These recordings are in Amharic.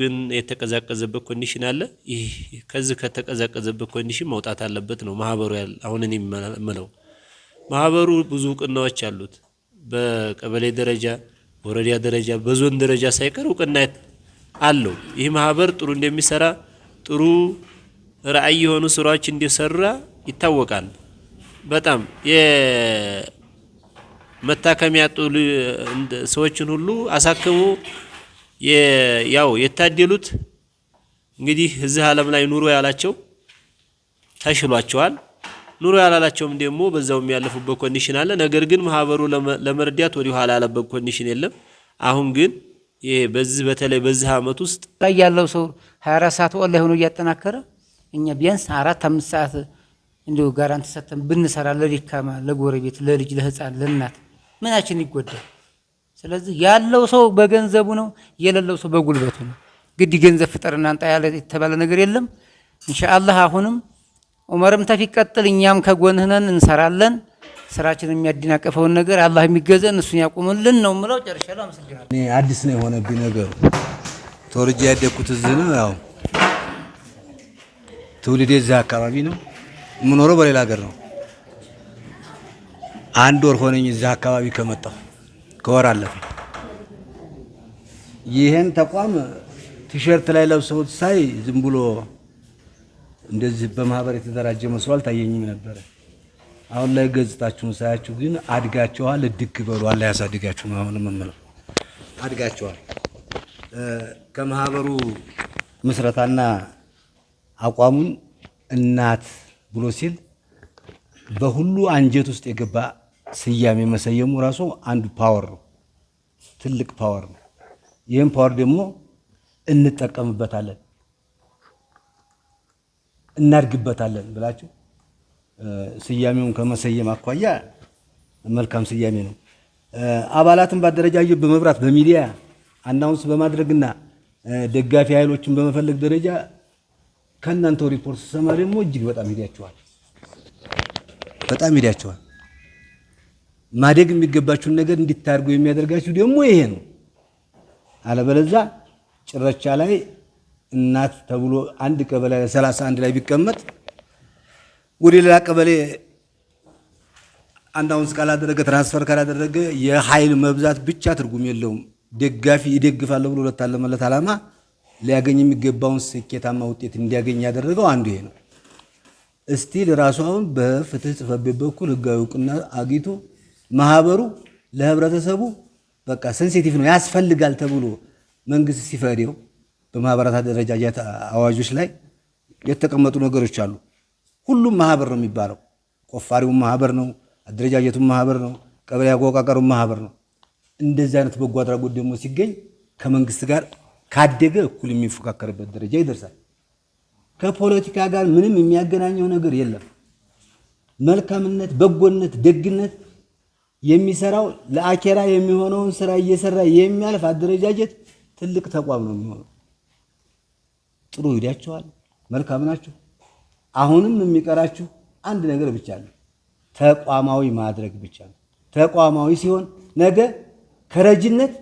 ግን የተቀዛቀዘበት ኮንዲሽን አለ። ይህ ከዚህ ከተቀዛቀዘበት ኮንዲሽን መውጣት አለበት ነው ማህበሩ ያለ። አሁን እኔ የምለው ማህበሩ ብዙ እውቅናዎች አሉት። በቀበሌ ደረጃ፣ በወረዳ ደረጃ፣ በዞን ደረጃ ሳይቀር እውቅና አለው። ይህ ማህበር ጥሩ እንደሚሰራ ጥሩ ራዕይ የሆኑ ስራዎች እንዲሰራ ይታወቃል። በጣም የመታከሚያ ሰዎችን ሁሉ አሳክሞ ያው የታደሉት እንግዲህ እዚህ ዓለም ላይ ኑሮ ያላቸው ተሽሏቸዋል። ኑሮ ያላላቸውም ደግሞ በዛው የሚያለፉበት ኮንዲሽን አለ። ነገር ግን ማህበሩ ለመርዳት ወደ ኋላ ያለበት ኮንዲሽን የለም። አሁን ግን ይሄ በዚህ በተለይ በዚህ ዓመት ውስጥ ላይ ያለው ሰው 24 ሰዓት ወላሂ ሆኖ እያጠናከረ እኛ ቢያንስ አራት አምስት ሰዓት እንዲሁ ጋራንት ሰተን ብንሰራ ለዲካማ ለጎረቤት፣ ለልጅ፣ ለህፃን፣ ለእናት ምናችን ይጎዳል። ስለዚህ ያለው ሰው በገንዘቡ ነው፣ የሌለው ሰው በጉልበቱ ነው። ግድ ገንዘብ ፍጠር እናንጣ ያለ የተባለ ነገር የለም። ኢንሻአላህ አሁንም ዑመርም ቀጥል፣ እኛም ከጎንህነን እንሰራለን። ስራችን የሚያደናቀፈውን ነገር አላህ የሚገዘን እሱን ያቁምልን ነው ምለው ጨርሻ ላ እኔ አዲስ ነው የሆነብኝ ነገሩ። ተወልጄ ያደግኩት እዚህ ነው። ያው ትውልዴ እዚህ አካባቢ ነው። የምኖረው በሌላ ሀገር ነው። አንድ ወር ሆነኝ እዚህ አካባቢ ከመጣሁ ከወር አለፈ። ይህን ተቋም ቲሸርት ላይ ለብሰውት ሳይ ዝም ብሎ እንደዚህ በማህበር የተደራጀ መስሎ አልታየኝም ነበረ። አሁን ላይ ገጽታችሁን ሳያችሁ ግን አድጋችኋል። እድግ በሉ። አላ ያሳድጋችሁ። አሁን የምንለው አድጋችኋል። ከማህበሩ ምስረታና አቋሙን እናት ብሎ ሲል በሁሉ አንጀት ውስጥ የገባ ስያሜ መሰየሙ ራሱ አንዱ ፓወር ነው። ትልቅ ፓወር ነው። ይህም ፓወር ደግሞ እንጠቀምበታለን፣ እናድግበታለን ብላችሁ ስያሜውን ከመሰየም አኳያ መልካም ስያሜ ነው። አባላትን በአደረጃጀት በመብራት በሚዲያ አናውንስ በማድረግና ደጋፊ ኃይሎችን በመፈለግ ደረጃ ከእናንተው ሪፖርት ስሰማ ደግሞ እጅግ በጣም ሄዳችኋል፣ በጣም ሄዳችኋል። ማደግ የሚገባችሁን ነገር እንዲታደርጉ የሚያደርጋችሁ ደግሞ ይሄ ነው። አለበለዛ ጭረቻ ላይ እናት ተብሎ አንድ ቀበሌ ሰላሳ አንድ ላይ ቢቀመጥ ወደ ሌላ ቀበሌ አውንስ ካላደረገ ትራንስፈር ካላደረገ የኃይል መብዛት ብቻ ትርጉም የለውም። ደጋፊ ይደግፋለሁ ብሎ ለታለመለት ዓላማ ሊያገኝ የሚገባውን ስኬታማ ውጤት እንዲያገኝ ያደረገው አንዱ ይሄ ነው። እስቲ ለራሱ አሁን በፍትህ ጽሕፈት ቤት በኩል ህጋዊ እውቅና አግኝቶ ማህበሩ ለህብረተሰቡ በቃ ሴንሲቲቭ ነው ያስፈልጋል ተብሎ መንግስት ሲፈሬው በማህበራት አደረጃጀት አዋጆች ላይ የተቀመጡ ነገሮች አሉ። ሁሉም ማህበር ነው የሚባለው። ቆፋሪውም ማህበር ነው፣ አደረጃጀቱም ማህበር ነው፣ ቀበሌ አወቃቀሩም ማህበር ነው። እንደዚህ አይነት በጎ አድራጎት ደግሞ ሲገኝ ከመንግስት ጋር ካደገ እኩል የሚፎካከርበት ደረጃ ይደርሳል። ከፖለቲካ ጋር ምንም የሚያገናኘው ነገር የለም። መልካምነት፣ በጎነት፣ ደግነት የሚሰራው ለአኬራ የሚሆነውን ስራ እየሰራ የሚያልፍ አደረጃጀት ትልቅ ተቋም ነው የሚሆነው። ጥሩ ሂዳችኋል። መልካም ናችሁ። አሁንም የሚቀራችሁ አንድ ነገር ብቻ ነው፣ ተቋማዊ ማድረግ ብቻ ነው። ተቋማዊ ሲሆን ነገ ከረጅነት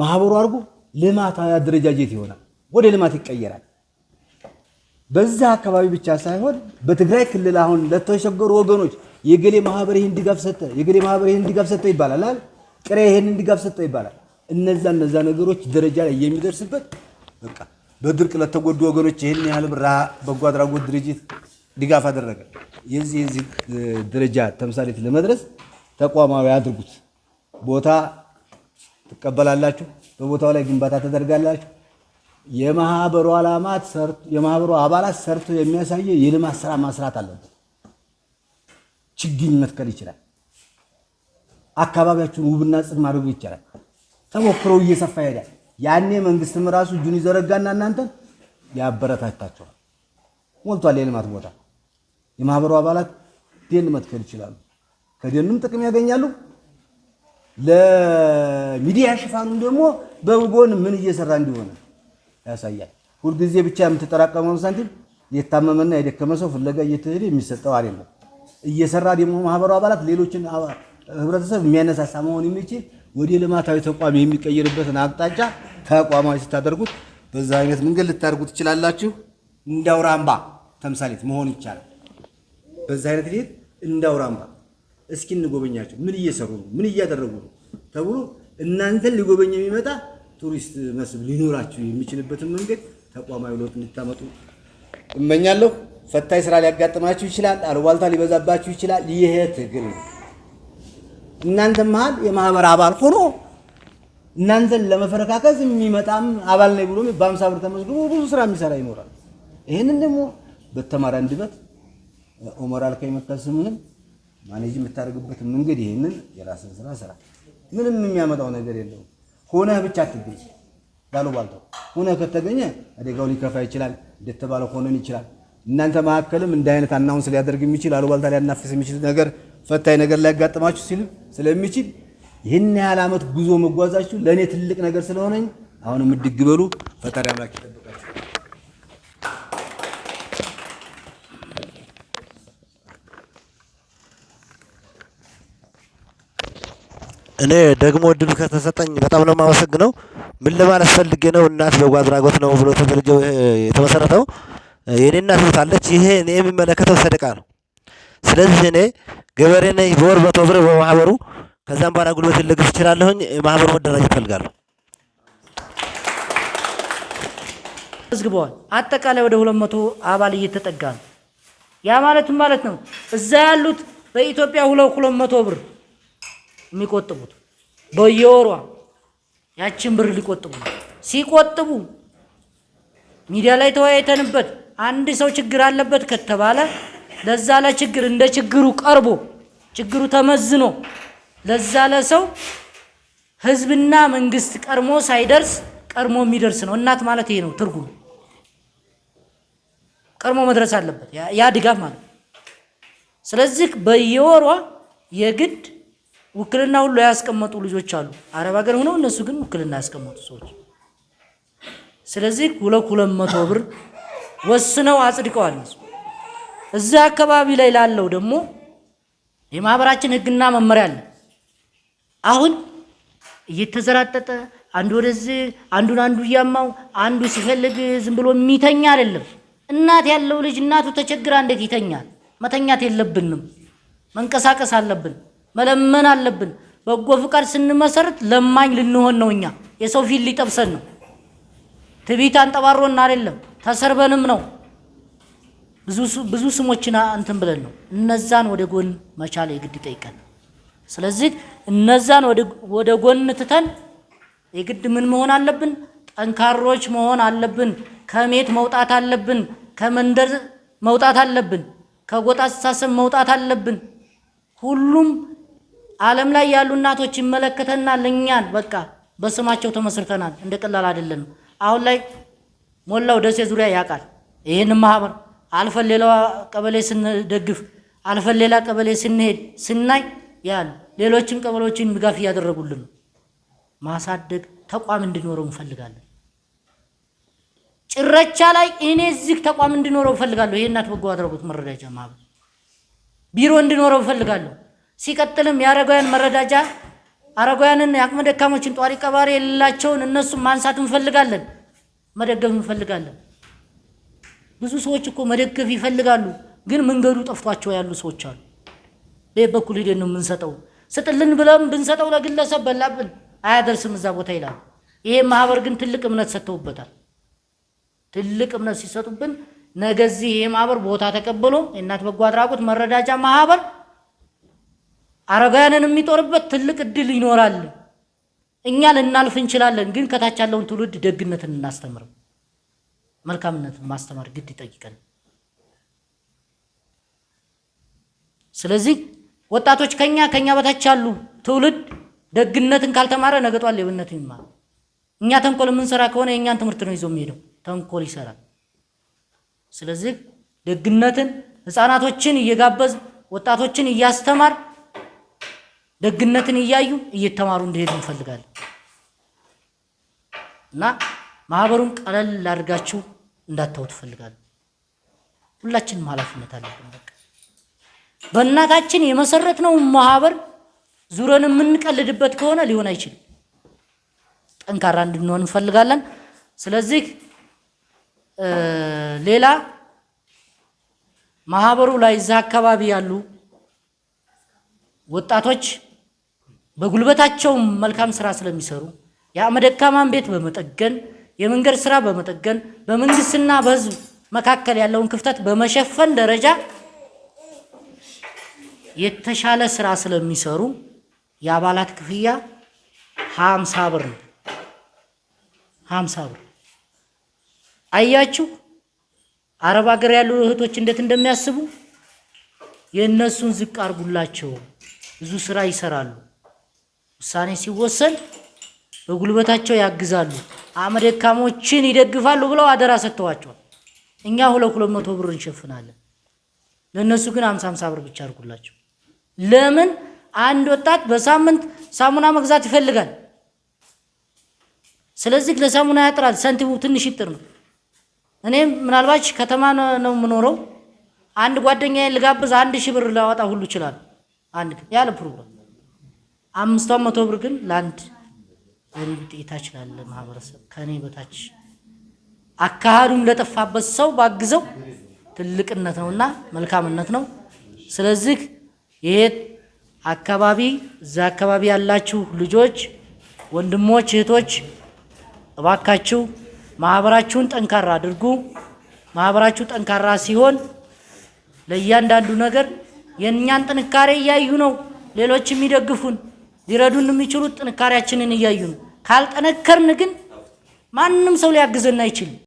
ማህበሩ አድርጎ ልማታዊ አደረጃጀት ይሆናል፣ ወደ ልማት ይቀየራል። በዛ አካባቢ ብቻ ሳይሆን በትግራይ ክልል አሁን ለተቸገሩ ወገኖች የገሌ ማህበር ይህን ድጋፍ ሰጠ፣ የገሌ ማህበር ይህን ድጋፍ ሰጠ ይባላል አይደል? ቅሬ ይህን ድጋፍ ሰጠ ይባላል። እነዛ እነዛ ነገሮች ደረጃ ላይ የሚደርስበት በቃ በድርቅ ለተጎዱ ወገኖች ይህን ያህል ብር በጎ አድራጎት ድርጅት ድጋፍ አደረገ። የዚህ የዚህ ደረጃ ተምሳሌት ለመድረስ ተቋማዊ አድርጉት። ቦታ ትቀበላላችሁ፣ በቦታው ላይ ግንባታ ተደርጋላችሁ። የማህበሩ አላማት የማህበሩ አባላት ሰርቶ የሚያሳየ የልማት ስራ ማስራት አለበት። ችግኝ መትከል ይችላል። አካባቢያችሁን ውብና ጽድ ማድረግ ይቻላል። ተሞክሮ እየሰፋ ይሄዳል። ያኔ መንግስትም ራሱ እጁን ይዘረጋና እናንተን ያበረታታቸዋል። ሞልቷል የልማት ቦታ። የማህበሩ አባላት ደን መትከል ይችላሉ። ከደንም ጥቅም ያገኛሉ። ለሚዲያ ሽፋኑም ደግሞ በጎን ምን እየሰራ እንዲሆነ ያሳያል። ሁልጊዜ ብቻ የምትጠራቀመውን ሳንቲም የታመመና የደከመ ሰው ፍለጋ እየተሄደ የሚሰጠው አይደለም። እየሰራ ደግሞ ማህበሩ አባላት ሌሎችን ህብረተሰብ የሚያነሳሳ መሆን የሚችል ወደ ልማታዊ ተቋም የሚቀይርበትን አቅጣጫ ተቋማዊ ስታደርጉት በዛ አይነት መንገድ ልታደርጉ ትችላላችሁ። እንደ አውራምባ ተምሳሌት መሆን ይቻላል። በዛ አይነት ሄድ እንደ አውራምባ እስኪ እንጎበኛቸው፣ ምን እየሰሩ ነው፣ ምን እያደረጉ ነው ተብሎ እናንተን ሊጎበኝ የሚመጣ ቱሪስት መስህብ ሊኖራችሁ የሚችልበትን መንገድ ተቋማዊ ለውጥ እንድታመጡ እመኛለሁ። ፈታኝ ስራ ሊያጋጥማችሁ ይችላል። አሉባልታ ሊበዛባችሁ ይችላል። ይሄ ትግል ነው። እናንተ መሀል የማህበር አባል ሆኖ እናንተን ለመፈረካከዝ የሚመጣም አባል ነኝ ብሎ በአምሳ ብር ተመዝግቦ ብዙ ስራ የሚሰራ ይኖራል። ይህንን ደግሞ በተማሪ አንደበት ኦሞራል ከይመከል ስምህን ማኔጅ የምታደርግበት መንገድ ይህንን የራስን ስራ ስራ ምንም የሚያመጣው ነገር የለውም። ሆነህ ብቻ አትገኝ። ባልተው ሆነህ ከተገኘ አደጋው ሊከፋ ይችላል። እንደተባለው ሆነን ይችላል። እናንተ መካከልም እንደ አይነት አናውንስ ሊያደርግ የሚችል አሉባልታ ሊያናፍስ የሚችል ነገር ፈታኝ ነገር ሊያጋጥማችሁ ሲል ስለሚችል ይህን ያህል ዓመት ጉዞ መጓዛችሁ ለእኔ ትልቅ ነገር ስለሆነኝ አሁንም እድግ በሉ። ፈጣሪ አምላክ ይጠብቃችሁ። እኔ ደግሞ እድሉ ከተሰጠኝ በጣም ነው የማመሰግነው። ምን ለማለት ፈልጌ ነው፣ እናት በጎ አድራጎት ነው ብሎ ተደረጀው የተመሰረተው የኔ እናት ሞታለች። ይሄ እኔ የሚመለከተው ሰደቃ ነው። ስለዚህ እኔ ገበሬ ነኝ። በወር መቶ ብር በማህበሩ ከዛም በኋላ ጉልበት ልግስ እችላለሁኝ። ማህበሩ መደራጀት ይፈልጋሉ። መዝግበዋል። አጠቃላይ ወደ ሁለት መቶ አባል እየተጠጋ ነው። ያ ማለት ማለት ነው እዛ ያሉት በኢትዮጵያ ሁለት ሁለት መቶ ብር የሚቆጥቡት በየወሯ ያችን ብር ሊቆጥቡ ሲቆጥቡ ሚዲያ ላይ ተወያይተንበት አንድ ሰው ችግር አለበት ከተባለ ለዛ ለችግር እንደ ችግሩ ቀርቦ ችግሩ ተመዝኖ ለዛ ለሰው ህዝብና መንግስት ቀድሞ ሳይደርስ ቀድሞ የሚደርስ ነው። እናት ማለት ይሄ ነው ትርጉም። ቀድሞ መድረስ አለበት ያ ድጋፍ ማለት። ስለዚህ በየወሯ የግድ ውክልና ሁሉ ያስቀመጡ ልጆች አሉ፣ አረብ ሀገር ሆነው እነሱ ግን ውክልና ያስቀመጡ ሰዎች። ስለዚህ ሁለት ሁለት መቶ ብር ወስነው አጽድቀዋል። እዚህ አካባቢ ላይ ላለው ደግሞ የማህበራችን ህግና መመሪያ አለ። አሁን እየተዘራጠጠ አንዱ ወደዚህ አንዱን አንዱ እያማው አንዱ ሲፈልግ ዝም ብሎ የሚተኛ አይደለም። እናት ያለው ልጅ እናቱ ተቸግራ እንዴት ይተኛል? መተኛት የለብንም፣ መንቀሳቀስ አለብን። መለመን አለብን። በጎ ፍቃድ ስንመሰርት ለማኝ ልንሆን ነው። እኛ የሰው ፊት ሊጠብሰን ነው። ትቢት አንጠባሮን አይደለም ተሰርበንም ነው። ብዙ ስሞችን እንትን ብለን ነው። እነዛን ወደ ጎን መቻል የግድ ይጠይቀን። ስለዚህ እነዛን ወደ ጎን ትተን የግድ ምን መሆን አለብን? ጠንካሮች መሆን አለብን። ከሜት መውጣት አለብን። ከመንደር መውጣት አለብን። ከጎጣ አስተሳሰብ መውጣት አለብን። ሁሉም ዓለም ላይ ያሉ እናቶች ይመለከተናል እኛን። በቃ በስማቸው ተመስርተናል። እንደ ቀላል አይደለንም። አሁን ላይ ሞላው ደሴ ዙሪያ ያውቃል ይህን ማህበር አልፈን ሌላ ቀበሌ ስንደግፍ አልፈን ሌላ ቀበሌ ስንሄድ ስናይ ያሉ ሌሎችም ቀበሌዎችን ድጋፍ እያደረጉልን ነው። ማሳደግ ተቋም እንዲኖረው እንፈልጋለን። ጭረቻ ላይ እኔ እዚህ ተቋም እንዲኖረው እፈልጋለሁ። ይሄ እናት በጎ አድራጎት መረዳጃ ማህበር ቢሮ እንዲኖረው እፈልጋለሁ። ሲቀጥልም የአረጋውያን መረዳጃ አረጋውያንን የአቅመ ደካሞችን ጧሪ ቀባሪ የሌላቸውን እነሱን ማንሳት እንፈልጋለን፣ መደገፍ እንፈልጋለን። ብዙ ሰዎች እኮ መደገፍ ይፈልጋሉ፣ ግን መንገዱ ጠፍቷቸው ያሉ ሰዎች አሉ። በየት በኩል ሂደን ነው የምንሰጠው? ስጥልን ብለም ብንሰጠው ለግለሰብ በላብን አያደርስም እዛ ቦታ ይላል። ይሄ ማህበር ግን ትልቅ እምነት ሰጥተውበታል። ትልቅ እምነት ሲሰጡብን ነገዚህ ይሄ ማህበር ቦታ ተቀብሎ የእናት በጎ አድራጎት መረዳጃ ማህበር አረጋውያንን የሚጦርበት ትልቅ እድል ይኖራል። እኛ ልናልፍ እንችላለን፣ ግን ከታች ያለውን ትውልድ ደግነትን እናስተምርም። መልካምነትን ማስተማር ግድ ይጠይቀን። ስለዚህ ወጣቶች ከኛ ከኛ በታች ያሉ ትውልድ ደግነትን ካልተማረ ነገ ጧት ሌብነትን ይማር። እኛ ተንኮል የምንሰራ ከሆነ የእኛን ትምህርት ነው ይዞ የሚሄደው፣ ተንኮል ይሰራል። ስለዚህ ደግነትን ህፃናቶችን እየጋበዝ ወጣቶችን እያስተማር ደግነትን እያዩ እየተማሩ እንዲሄዱ እንፈልጋለን እና ማህበሩን ቀለል ላድርጋችሁ እንዳታውት እፈልጋለሁ። ሁላችንም ኃላፊነት አለብን። በቃ በእናታችን ነው ማህበር ዙረን የምንቀልድበት ከሆነ ሊሆን አይችልም። ጠንካራ እንድንሆን እንፈልጋለን። ስለዚህ ሌላ ማህበሩ ላይ እዛ አካባቢ ያሉ ወጣቶች በጉልበታቸው መልካም ስራ ስለሚሰሩ የአቅመ ደካማን ቤት በመጠገን የመንገድ ስራ በመጠገን በመንግስትና በህዝብ መካከል ያለውን ክፍተት በመሸፈን ደረጃ የተሻለ ስራ ስለሚሰሩ የአባላት ክፍያ ሀምሳ ብር ነው። ሀምሳ ብር አያችሁ፣ አረብ ሀገር ያሉ እህቶች እንዴት እንደሚያስቡ የእነሱን ዝቅ አርጉላቸው። ብዙ ስራ ይሰራሉ። ውሳኔ ሲወሰን በጉልበታቸው ያግዛሉ፣ አመደካሞችን ይደግፋሉ ብለው አደራ ሰጥተዋቸዋል። እኛ ሁለት ሁለት መቶ ብር እንሸፍናለን። ለእነሱ ግን አምሳ አምሳ ብር ብቻ አድርጉላቸው። ለምን አንድ ወጣት በሳምንት ሳሙና መግዛት ይፈልጋል። ስለዚህ ለሳሙና ያጥራል። ሰንቲሙ ትንሽ ይጥር ነው። እኔ ምናልባች ከተማ ነው የምኖረው። አንድ ጓደኛ ልጋብዝ አንድ ሺህ ብር ላወጣ ሁሉ ይችላል። አንድ ያለ ፕሮግራም አምስቷን መቶ ብር ግን ለአንድ ወንድ ጌታች ላለ ማህበረሰብ ከእኔ በታች አካሃዱም ለጠፋበት ሰው ባግዘው ትልቅነት ነውና መልካምነት ነው። ስለዚህ ይሄ አካባቢ እዛ አካባቢ ያላችሁ ልጆች፣ ወንድሞች፣ እህቶች እባካችሁ ማህበራችሁን ጠንካራ አድርጉ። ማህበራችሁ ጠንካራ ሲሆን ለእያንዳንዱ ነገር የእኛን ጥንካሬ እያዩ ነው ሌሎች የሚደግፉን። ሊረዱን የሚችሉት ጥንካሬያችንን እያዩ ነው። ካልጠነከርን ግን ማንም ሰው ሊያግዘን አይችልም።